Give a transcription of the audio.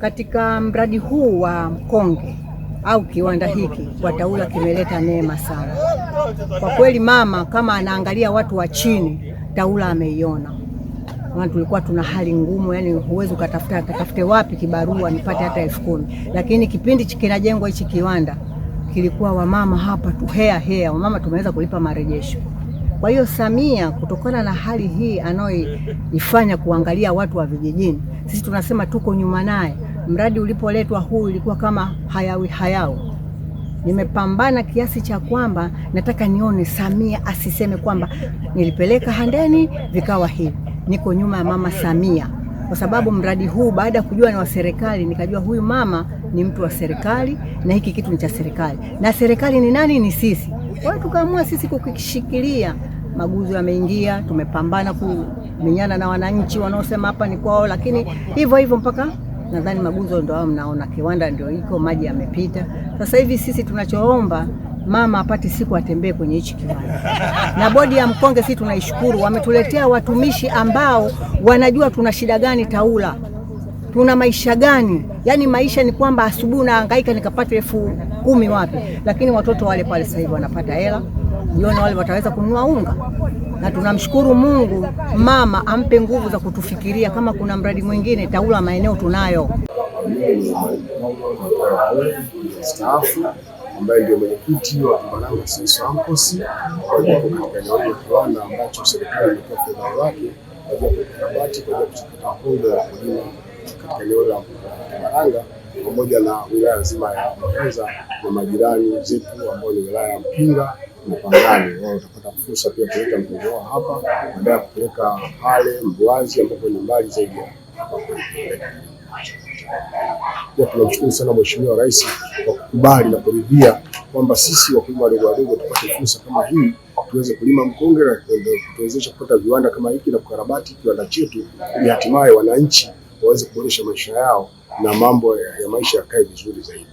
Katika mradi huu wa mkonge au kiwanda hiki kwa taula kimeleta neema sana kwa kweli. Mama kama anaangalia watu wa chini, Taula ameiona. Maana tulikuwa tuna hali ngumu, yani huwezi ukatafuta katafute wapi kibarua nipate hata elfu kumi, lakini kipindi kinajengwa hichi kiwanda kilikuwa wamama hapa tu hea hea, wamama tumeweza kulipa marejesho. Kwa hiyo Samia, kutokana na hali hii anayoifanya kuangalia watu wa vijijini, sisi tunasema tuko nyuma naye mradi ulipoletwa huu ilikuwa kama hayawi hayao. Nimepambana kiasi cha kwamba nataka nione Samia asiseme kwamba nilipeleka Handeni vikawa hivi. Niko nyuma ya mama Samia kwa sababu mradi huu baada ya kujua ni wa serikali, nikajua huyu mama ni mtu wa serikali na hiki kitu ni cha serikali, na serikali ni nani? Ni sisi. Kwa hiyo tukaamua sisi kukishikilia. Maguzo yameingia, tumepambana kumenyana na wananchi wanaosema hapa ni kwao, lakini hivyo hivyo mpaka nadhani Magunzo ndio hao mnaona, kiwanda ndio iko, maji yamepita. Sasa hivi sisi tunachoomba mama apate siku atembee kwenye hichi kiwanda na bodi ya mkonge. Sisi tunaishukuru, wametuletea watumishi ambao wanajua tuna shida gani Taula, tuna maisha gani. Yaani maisha ni kwamba asubuhi naangaika nikapata elfu kumi wapi, lakini watoto wale pale sasa hivi wanapata hela jiona wale wataweza kununua unga, na tunamshukuru Mungu mama ampe nguvu za kutufikiria. Kama kuna mradi mwingine TAULA maeneo tunayo. ambaye ndio mwenyekiti wa Mbaranga SAMCOS katika eneo la kiwanda ambacho serikali ilikuwa fedha wake kwa ajili ya kwa kuchakata hongo ya kulima katika eneo la Mbaranga pamoja na wilaya nzima ya Muheza na majirani zetu ambao ni wilaya ya Mpinga wao utapata fursa pia kuleta mgonjwa wao hapa baada ya kupeleka pale Mbwazi ambapo ni mbali zaidi. Pia tunamshukuru sana Mheshimiwa Rais kwa kukubali na kuridhia kwamba sisi wakulima wadogo wadogo tupate fursa kama hii tuweze kulima mkonge na kutuwezesha kupata viwanda kama hiki na kukarabati kiwanda chetu ili hatimaye wananchi waweze kuboresha maisha yao na mambo ya maisha yakae vizuri zaidi.